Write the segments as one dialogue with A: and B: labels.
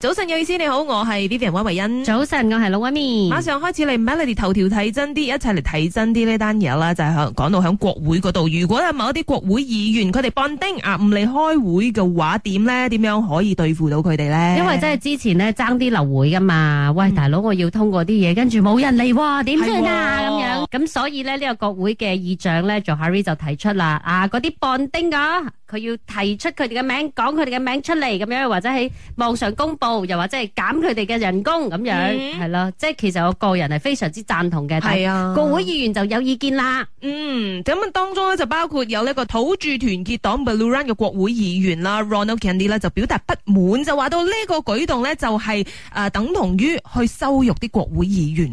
A: 早晨，有意思你好，我係 Vivian 温維恩。早晨，我係老媽咪。馬上開始嚟 melody 頭條睇真啲，一齊嚟睇真啲呢單嘢啦，就係、是、講到響國會嗰度。如果有某一啲國會議員，佢哋 ponteng 啊唔嚟開會嘅話，點咧？點樣可以對付到佢哋咧？因為真係
B: 之前咧爭啲流會噶嘛，喂、嗯、大佬我要通過啲嘢，跟住冇人嚟哇，點算啊？咁、哦、樣咁，所以咧呢個國會嘅議長咧 Johari 就提出啦啊，嗰啲 ponteng 㗎，佢要提出佢哋嘅名，講佢哋嘅名出嚟，咁樣或者喺網上公布。又或者係減佢哋嘅人工咁樣，係咯，即係其實我個人係非常之讚同嘅。係啊，國會議員就有意見啦。嗯，
A: 咁樣當中咧就包括有呢個土著團結黨 Beluran 嘅國會議員啦，Ronald Kiandee 咧就表達不滿，就話到呢個舉動咧就係誒等同於去羞辱啲國
B: 會議員。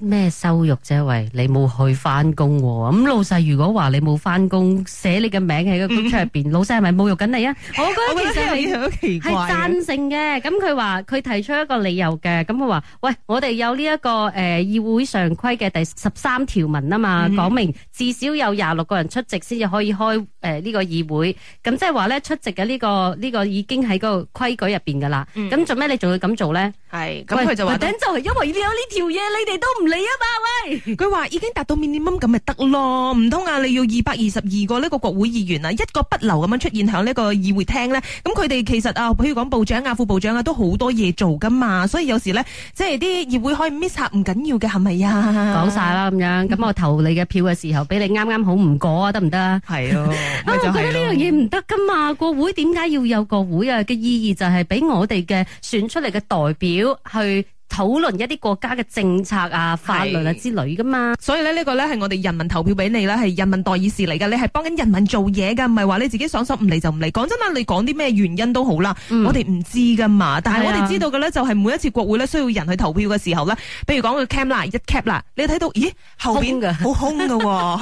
B: 咩羞辱啫？喂，你冇去翻工，咁老細如果話你冇翻工，寫你嘅名喺個 group 出入邊，老細係咪侮辱緊你啊？我覺得其實係好奇怪，係讚成嘅咁。咁佢話佢提出一個理由嘅，咁佢話喂，我哋有呢、這、一個誒、呃、議會常規嘅第十三條文啊嘛，講、嗯、明至少有廿六個人出席先至可以開誒呢、呃這個議會。咁即係話咧出席嘅呢、這個呢、這個已經喺個規矩入邊噶啦。咁、嗯、做咩你仲要咁做咧？係咁佢就話頂
A: 就係因為你有呢條嘢，你哋都唔理啊嘛？喂，佢話、就是嗯、已經達到 minimum 咁咪得咯？唔通啊？你要二百二十二個呢個國會議員啊，一個不留咁樣出現響呢個議會廳咧？咁佢哋其實啊，譬如講部長啊、副部長都好多嘢做噶嘛，所以有時咧，即係啲議會可以 miss 唔緊要嘅，係咪呀？講晒啦
B: 咁樣，咁我投你嘅票嘅時候，俾 你啱啱好唔過行行啊，得唔得？係咯，我覺得呢樣嘢唔得噶嘛，個會點解要有個會啊？嘅意義就係俾我哋嘅
A: 選出嚟嘅代表去。討論一啲國家嘅政策啊、法律啊之類噶嘛，所以呢呢個咧係我哋人民投票俾你啦，係人民代議士嚟㗎。你係幫緊人民做嘢噶，唔係話你自己想收唔嚟就唔嚟。講真啦，你講啲咩原因都好啦、嗯，我哋唔知噶嘛，但係我哋知道嘅咧就係每一次國會咧需要人去投票嘅時候咧，譬如講個 cam 啦、一 cap 啦，你睇到咦後邊嘅好空喎。空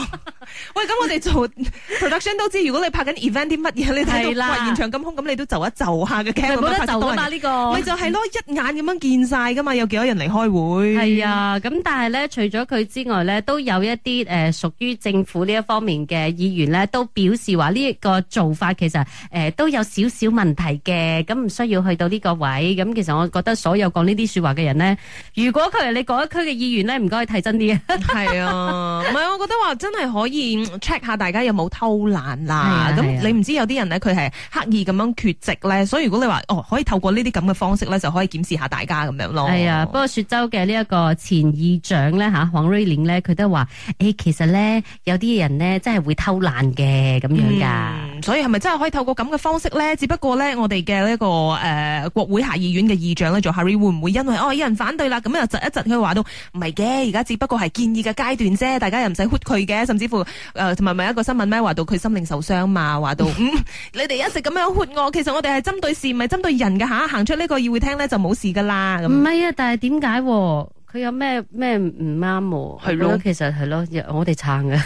A: 喂，咁我哋做 production 都知，如果你拍緊 event 啲乜嘢，你睇到現場咁空，咁你都就一就下嘅 cam 得就呢個，咪就係、是、咯 一眼咁樣見晒噶嘛。有幾多人嚟開會？係啊，咁但係咧，除咗佢
B: 之外咧，都有一啲誒，屬、呃、於政府呢一方面嘅議員咧，都表示話呢個做法其實誒、呃、都有少少問題嘅。咁唔需要去到呢個位。咁其實我覺得所有講呢啲說話嘅人咧，如果佢係你嗰一區嘅議員咧，唔該睇真啲啊。
A: 係 啊，唔係我覺得話真係可以 check 下大家有冇偷懶啦。咁你唔知有啲人咧，佢係刻意咁樣缺席咧。所以如果你話哦，可以透過呢啲咁嘅方式咧，就可以檢視下大家咁樣咯。不過雪州嘅呢一個前議
B: 長咧吓黃瑞琳咧，佢都話：誒、欸，其實咧有啲人咧真係會偷懶嘅咁樣噶。
A: 所以係咪真係可以透過咁嘅方式咧？只不過咧、這個，我哋嘅呢個誒國會下議院嘅議長咧，做 Johari 會唔會因為哦有人反對啦，咁又窒一窒？佢話到唔係嘅，而家只不過係建議嘅階段啫，大家又唔使豁佢嘅。甚至乎誒，同埋咪一個新聞咩話到佢心靈受傷嘛，話 到嗯，你哋一直咁樣豁我，其實我哋係針對事唔係針對人嘅吓，行出呢個議會廳咧就冇事噶啦。唔係
B: 啊。但係點解喎？有咩咩唔啱喎？係咯，其實係咯，我哋撐嘅。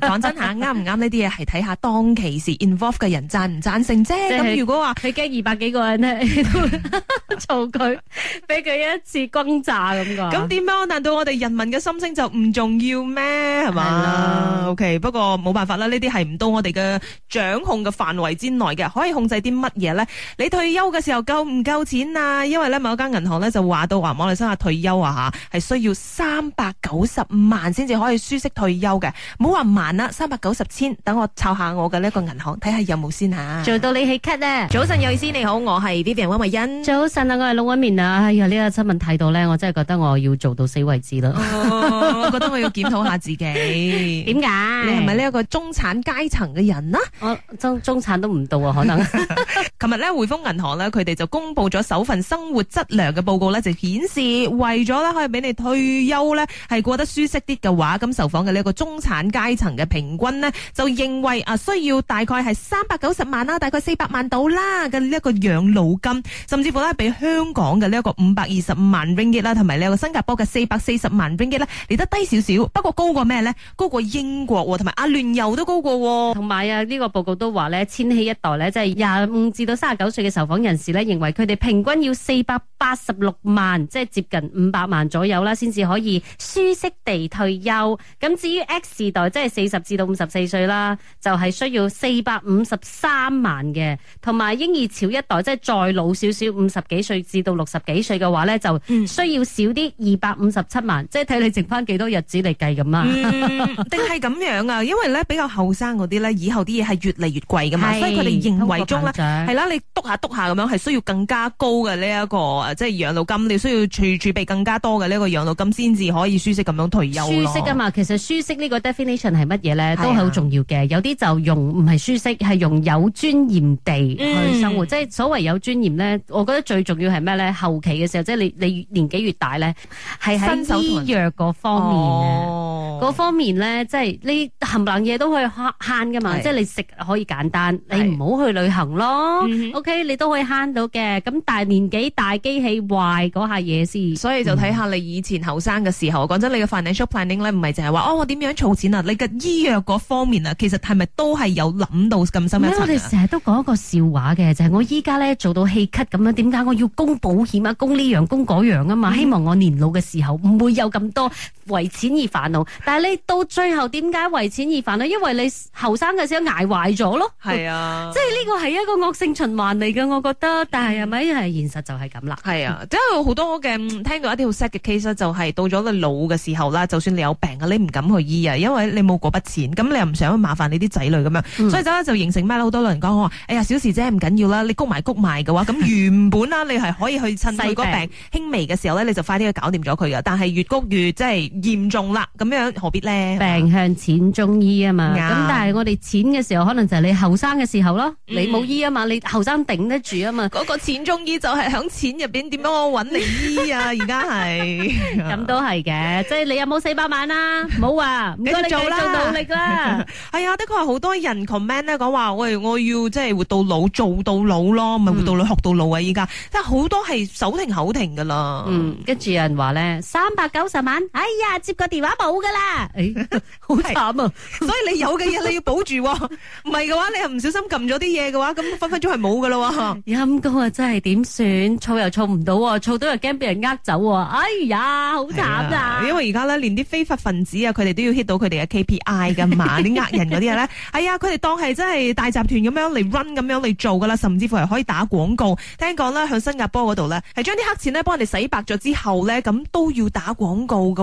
A: 講、 嗯、真吓啱唔啱呢啲嘢係睇下當其時 involve 嘅人讚唔讚成啫。咁如果話你驚二百幾個人呢，都做佢，俾 佢一次轟炸咁嘅。咁點樣？難道我哋人民嘅心聲就唔重要咩？係嘛？係啦。O K，不過冇辦法啦，呢啲係唔到我哋嘅掌控嘅範圍之內嘅。可以控制啲乜嘢咧？你退休嘅時候夠唔夠錢啊？因為咧，某一間銀行咧就話到話，我哋想下退休啊吓。係需要三百九十萬先至可以舒適退休嘅，唔好話萬啦，三百九十千，等我湊下我嘅呢一個銀行，睇下有冇先吓、啊。做到你起咳啊早晨，有意思你好，我係 Vivian 溫慧欣。早晨啊，我係
B: 露個面啊，哎呀，呢、這個新聞睇到咧，我真係覺得我要做到死為止啦，oh, 我覺
A: 得我要檢討下自己，點解你係咪呢
B: 一個中產階層嘅人啊？我中中產都唔到啊，可能。
A: 琴 日咧，匯豐銀行咧，佢哋就公布咗首份生活質量嘅報告咧，就顯示為咗咧可以。你退休咧係過得舒適啲嘅話，咁受訪嘅呢一個中產階層嘅平均咧，就認為啊需要大概係三百九十萬啦，大概四百萬到啦嘅呢一個養老金，甚至乎咧比香港嘅呢一個五百二十萬 ringgit 啦，同埋呢個新加坡嘅四百四十萬 ringgit 咧，嚟得低少少，不過高過咩咧？高過英國同埋阿聯酋都高過，同埋啊呢個報告都
B: 話咧，千禧一代咧即係廿五至到卅九歲嘅受訪人士咧，認為佢哋平均要四百八十六萬，即係接近五百萬左右。有啦，先至可以舒適地退休。咁至於 X 時代，即係四十至到五十四歲啦，就係需要四百五十三萬嘅，同埋嬰兒潮一代，即係再老少少五十幾歲至到六十幾歲嘅話咧，就需要少啲二百五十七萬，即係睇你剩翻幾多日子嚟
A: 計咁啊？定係咁樣啊？因為咧比較後生嗰啲咧，以後啲嘢係越嚟越貴噶嘛，所以佢哋認為中咧係啦，你督下督下咁樣，係需要更加高嘅呢一個，即係養老金，你需要儲儲備更加多嘅呢。一個養老金先至可以舒適咁樣退休，舒適啊嘛。
B: 其實舒適呢個 definition 係乜嘢咧？都好重要嘅。有啲就用唔係舒適，係用有尊嚴地去生活。嗯、即係所謂有尊嚴咧，我覺得最重要係咩咧？後期嘅時候，即係你你年紀越大咧，係喺醫藥嗰方面啊，哦、嗰方面咧、就是，即係你冚唪唥嘢都可以慳慳噶嘛。即係你食可以簡單，你唔好去旅行咯。OK，你都可以慳到嘅。咁但係年紀大，機
A: 器壞嗰下嘢先。所以就睇下、嗯、你。以前後生嘅時候，講真，你嘅 financial planning 咧，唔係就係話哦，我點樣儲錢啊？你嘅醫藥嗰方面啊，其實係咪都係有諗到咁深一層啊？因為，我哋成
B: 日都講一個笑話嘅，就係、是、我依家，咧做到氣咳咁樣，點解我要供保險啊？供呢、這、樣、個、供嗰樣啊嘛。嗯、希望我年老嘅時候唔會有咁多為錢而煩惱，但係你到最後點解為錢而煩惱？因為你後生嘅時候挨壞咗咯，係啊，即係呢個係一個惡性循環嚟嘅，我覺得。但係係咪係現實就係咁啦？係
A: 啊，即係好多嘅，聽過一啲好 sad 嘅 case，就係、是、到咗你老嘅時候啦，就算你有病啊，你唔敢去醫啊，因為你冇嗰筆錢，咁你又唔想麻煩你啲仔女咁樣，所以就就形成咩好多老人講我話，哎呀，小事啫，唔緊要啦，你谷埋谷埋嘅話，咁原本啦，你係可以去趁佢個病輕微嘅時候咧，你就快啲去搞掂咗佢㗎。但係越谷越即係。嚴重啦，咁樣何必咧？病向淺中醫啊嘛，咁、嗯、但係
B: 我哋淺嘅時候，可能就係你後生嘅時候咯，你冇醫啊嘛，嗯、你後生頂得住啊嘛。嗰、那個淺中醫就係響錢入邊，點
A: 樣我搵你醫啊？而家係咁都係嘅，即係你有冇四百萬啊？冇 啊，你做啦，做努力啦。係啊、 哎，的確係好多人 comment 咧講話，喂，我要即係活到老做到老咯，咪活到老、嗯、學到老啊！依家即係好多係手停口停噶啦。嗯，跟住有人話咧，三百九十萬，哎呀！接個電話冇噶啦，好、哎、慘啊！所以你有嘅嘢你要保住，唔係嘅話你又唔小心撳咗啲嘢嘅話，咁分分鐘係冇噶咯。陰公啊，真係點算？湊又湊唔到，湊到又驚俾人呃走。哎呀，好慘啊！因為而家咧，連啲非法分子啊，佢哋都要 hit 到佢哋嘅 KPI 噶嘛。啲 呃人嗰啲咧，係啊，佢哋當係真係大集團咁樣嚟 run 咁樣嚟做噶啦，甚至乎係可以打廣告。聽講啦，向新加坡嗰度咧，係將啲黑錢咧幫人哋洗白咗之後咧，咁都要打廣告噶。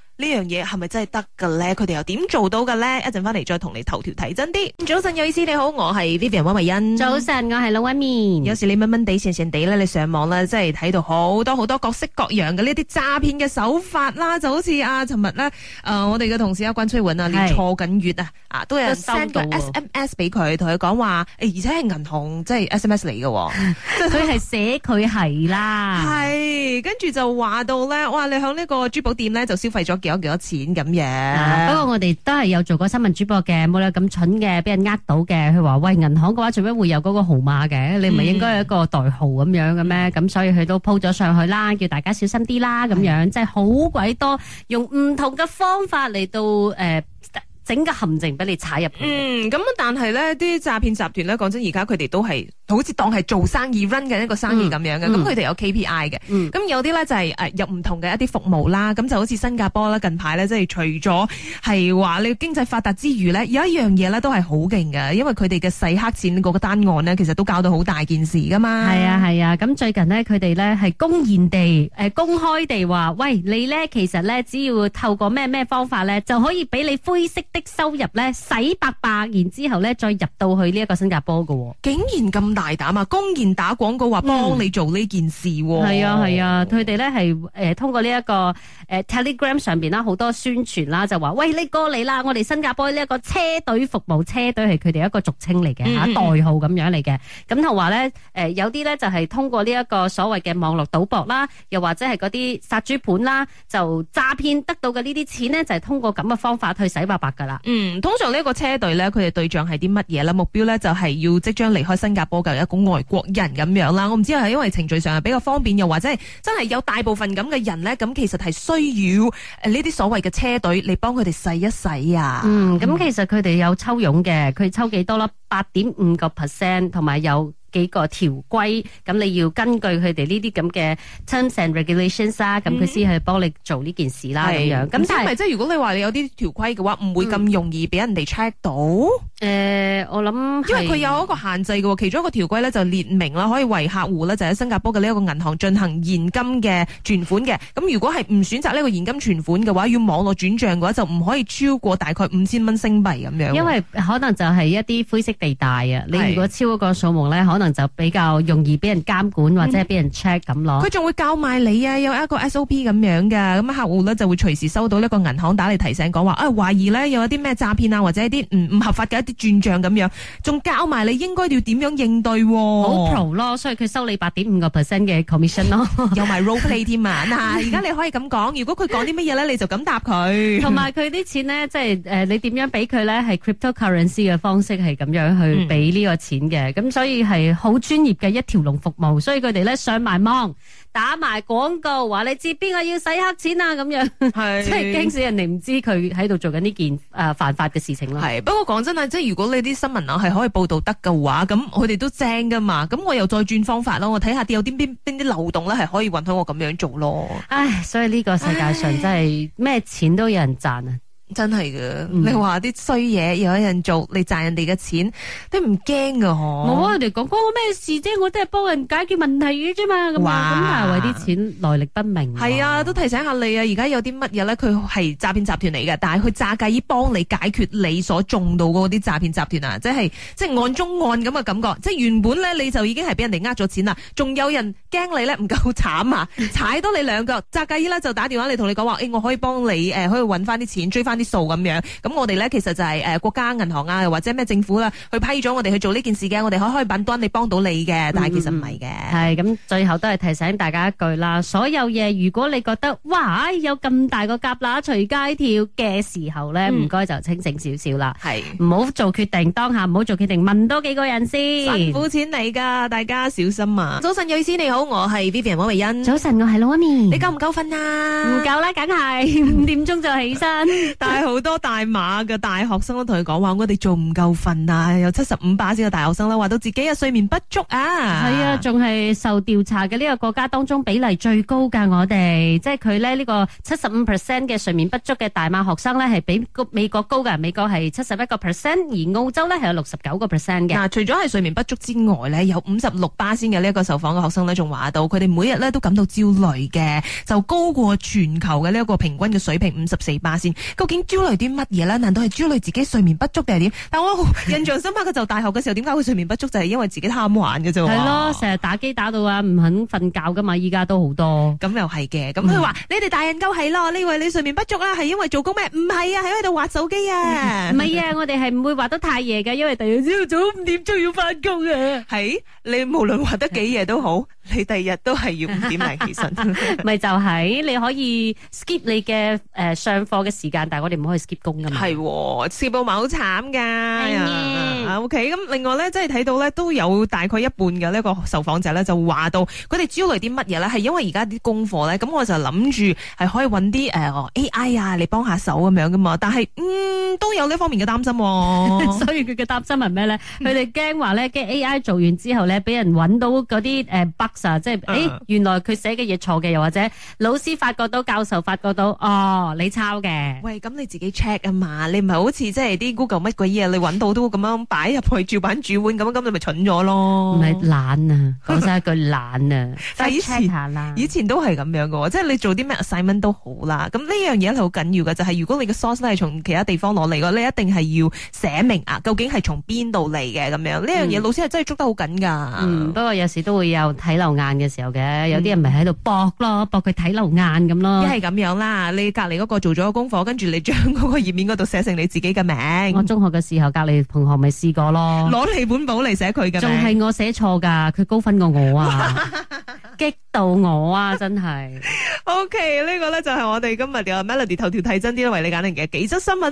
A: 這樣東西是不是呢樣嘢係咪真係得嘅咧？佢哋又點做到嘅咧？一陣翻嚟再同你頭條睇真啲。早晨，有意思，你好，我係 Vivian 温慧欣。早晨，我係老温。有時你蚊蚊地、成成地咧，你上網咧，真係睇到好多好多各式各樣嘅呢啲詐騙嘅手法啦，就好似啊，尋日咧，誒，我哋嘅同事阿關翠雲啊，連坐緊月啊，啊，都有收到 SMS 俾佢，同佢講話，而且係銀行，即係 SMS 嚟嘅，即係佢係寫佢係啦，係，跟住就話到咧，哇，你喺呢個珠寶店咧就消費咗幾有幾多錢咁樣，啊？不過
B: 我哋都係有做過新聞主播嘅，冇理由咁蠢嘅，俾人呃到嘅。佢話：喂，銀行嘅話，做咩會有嗰個號碼嘅？你唔係應該有一個代號咁樣嘅咩？咁、嗯、所以佢都 po 咗上去啦，叫大家小心啲啦。咁樣即係好鬼多，用唔同嘅方
A: 法嚟到誒。呃整個陷阱俾你踩入。嗯，咁但係咧，啲詐騙集團咧，講真，而家佢哋都係好似當係做生意，run 嘅一個生意咁樣嘅。咁佢哋有 KPI 嘅。咁、嗯、有啲咧就係誒入唔同嘅一啲服務啦。咁就好似新加坡啦，近排咧即係除咗係話你經濟發達之餘咧，有一樣嘢咧都係好勁噶，因為佢哋嘅洗黑錢嗰個單案咧，其實都搞到好大件事噶嘛。係啊係啊，咁、啊、最近呢，佢哋咧
B: 係公然地誒、呃、公開地話，喂，你咧其實咧只要透過咩咩方法咧，就可以俾你灰色的。收入咧洗白白，然之後咧再入到去呢一個新加坡噶，竟然咁大膽啊！公然打廣告話幫你做呢件事，係啊係啊，佢哋咧係誒通過呢一個誒 Telegram 上邊啦，好多宣傳啦，就話喂呢個你啦，我哋新加坡呢一個車隊服務車隊係佢哋一個俗稱嚟嘅吓代號咁樣嚟嘅，咁同話咧誒有啲咧就係通過呢一個所謂嘅網絡賭博啦，又或者係嗰啲殺豬盤啦，就詐騙得到嘅呢啲錢呢，就係通過咁嘅方法去洗白白。啦，
A: 嗯，通常呢個車隊咧，佢哋對象係啲乜嘢啦？目標咧就係、是、要即將離開新加坡嘅一個外國人咁樣啦。我唔知係因為程序上係比較方便，又或者係真係有大部分咁嘅人咧，咁其實係需要誒呢啲所謂嘅車隊嚟幫佢哋洗一洗啊。嗯，咁其實佢
B: 哋有抽佣嘅，佢抽幾多啦？八點五個 percent，同埋有，有。幾個條規，咁你要根據佢哋呢啲咁嘅 terms and regulations 啦，咁佢先去幫你做呢件事啦，咁、嗯、樣。咁但係即係如果你
A: 話你有啲條規嘅話，唔、嗯、會咁容易俾人哋 check 到。誒、呃，我諗因為佢有一個限制嘅，其中一個條規咧就列明啦，可以為客戶咧就喺新加坡嘅呢一個銀行進行現金嘅存款嘅。咁如果係唔選擇呢個現金存款嘅話，要網絡轉賬嘅話，就唔可以超過大概五千蚊星幣咁樣。因為
B: 可能就係一啲灰色地帶啊，你如果超過個數目咧，可能就比較容易俾人監管或者係俾人 check 咁咯。佢、嗯、
A: 仲會教埋你啊，有一個 SOP 咁樣嘅，咁客戶咧就會隨時收到一個銀行打嚟提醒，講話啊懷疑咧有一啲咩詐騙啊或者一啲唔合法嘅一啲。轉賬咁樣，仲教埋你應該要點樣應對，好 pro 咯，所以佢收你八點五個 percent 嘅 commission 咯，有埋 role play 添啊！嗱，而家你可以咁講，如果佢講啲乜嘢咧，你就咁答佢。同埋，
B: 佢啲錢咧，即係誒，你點樣俾佢咧？係 cryptocurrency 嘅方式係咁樣去俾呢個錢嘅，咁所以係好專業嘅一條龍服務，所以佢哋咧上埋網，打埋廣告，話你知邊個要洗
A: 黑錢啊？咁樣，即係驚死人哋唔知佢喺度做緊呢件、誒、呃、犯法嘅事情咯。係不過講真啊，即係如果你啲新聞啊係可以報道得嘅話，咁佢哋都正噶嘛。咁我又再轉方法咯，我睇下有啲邊邊啲漏洞咧係可以允許我咁樣做咯。
B: 唉，所以呢個世界上真係咩錢都有人賺啊！
A: 真係嘅，嗯,你話啲衰嘢，又有人做，你賺人哋嘅錢，你唔驚噶我冇啊，人哋講關我咩事啫？我都係幫人解決問題嘅啫嘛，咁樣咁，但係為啲
B: 錢來歷不明。係
A: 啊，都提醒下你啊，而家有啲乜嘢咧？佢係詐騙集團嚟嘅，但係佢詐計依幫你解決你所中到嗰啲詐騙集團啊，即係即係案中案咁嘅感覺。即係原本咧你就已經係俾人哋呃咗錢啦，仲有人驚你咧唔夠慘啊？踩多你兩腳，詐計依咧就打電話嚟同你講話，誒、欸，我可以幫你誒、呃，可以搵翻啲錢，追翻。啲數咁樣，咁我哋咧其實就係誒國家銀行啊，或者咩政府啦，去批咗我哋去做呢件事嘅，我哋可以幫多你幫到你嘅，但係其實唔係嘅。係咁，最後都係提醒大
B: 家一句啦，所有嘢如果你覺得哇有咁大個夾乸隨街跳嘅時候咧，唔該就清醒少少啦，係唔好做決定，當下唔好做決定，問多幾個人先。辛苦錢嚟噶，大家小心啊！早晨，瑞詩你好，我係 Vivian 王維恩。早晨，我係 Lomi。你夠唔夠瞓啊？唔夠啦，梗係五點鐘就起身。係好
A: 多大馬嘅大學生都同佢講話，我哋做唔夠瞓啊。有七十五巴仙嘅大學生咧，話到自己嘅睡眠不足啊，係啊，仲係受調查嘅呢個國家當
B: 中比例最高噶。我哋即係佢呢個七十五 percent 嘅睡眠不足嘅大馬學生呢，係比美國高㗎。美國係七十一個 percent，而澳洲呢係有六十九個 percent 嘅。
A: 嗱，除咗係睡眠不足之外呢，有五十六巴仙嘅呢一個受訪嘅學生呢，仲話到佢哋每日呢都感到焦慮嘅，就高過全球嘅呢一個平均嘅水平五十四巴仙。經焦慮啲乜嘢啦？難道係焦慮自己睡眠不足定係點？但我印象深刻，佢就大學嘅時候點解會睡眠不足？就係、是、因為自己貪玩嘅啫。係咯，
B: 成日打機打到啊，唔肯瞓覺噶嘛！依
A: 家都好多。咁又係嘅。咁佢話：你哋大人夠係咯，你以為你睡眠不足啊係因為做工咩？唔係啊，喺喺度滑手機啊。唔、嗯、係啊，我哋係唔會滑得太夜嘅，因為第二朝早五點鐘要翻工嘅。係，你無論滑得幾夜都好，你第二日都係要五
B: 點嚟起身。咪 就係、是，你可以 skip 你嘅誒上課嘅時間，
A: 我哋唔可以 skip 工噶嘛？係、哦，四部埋好慘噶。係、哎。O K，咁另外咧，即係睇到咧，都有大概一半嘅呢個受訪者咧，就話到佢哋焦慮嚟啲乜嘢咧？係因為而家啲功課咧，咁我就諗住係可以揾啲誒 A I 啊嚟幫下手咁樣噶嘛。但係，嗯，都有呢方面嘅擔心、啊。 所
B: 以佢嘅擔心係咩咧？佢哋驚話咧，驚 A I 做完之後咧，俾人揾到嗰啲誒 b u g s 即係誒，原來佢寫嘅嘢錯嘅，又或者老師發覺到、教授發覺到，哦，你抄嘅。
A: 喂，咁。咁你自己 check 啊嘛，你唔係好似即係啲 Google 乜鬼嘢，你揾到都咁樣擺入去照板煮碗咁，咁你咪蠢咗咯？唔係懶啊，講 一句懶啊。 但係以前啦，以前都係咁樣噶，即係你做啲咩 assignment 都好啦。咁呢樣嘢係好緊要嘅就係、是、如果你嘅 source 係從其他地方攞嚟嘅，你一定係要寫明啊，究竟係從邊度嚟嘅咁樣。呢、嗯、樣嘢老師係真係捉得好緊噶。不過有時都會有睇漏眼嘅時候嘅，有啲人
B: 咪喺度搏咯，搏佢睇漏眼咁咯。一係咁樣啦，你隔籬嗰個做咗個功課，跟住你。將嗰個頁面嗰度寫成你自己嘅名，我中學嘅時候隔籬同學咪試過咯，攞你本簿嚟寫佢嘅，仲係我寫錯噶，佢高分過我啊， 激到我
A: 啊，真係。 OK，呢個咧就係我哋今日嘅 Melody 頭條睇真啲啦，為你揀嚟嘅幾則新聞。